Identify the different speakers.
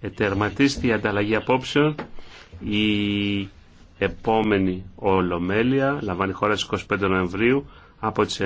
Speaker 1: Ετερματίστη η ανταλλαγή απόψεων. Η επόμενη ολομέλεια λαμβάνει χώρα στις 25 Νοεμβρίου από τις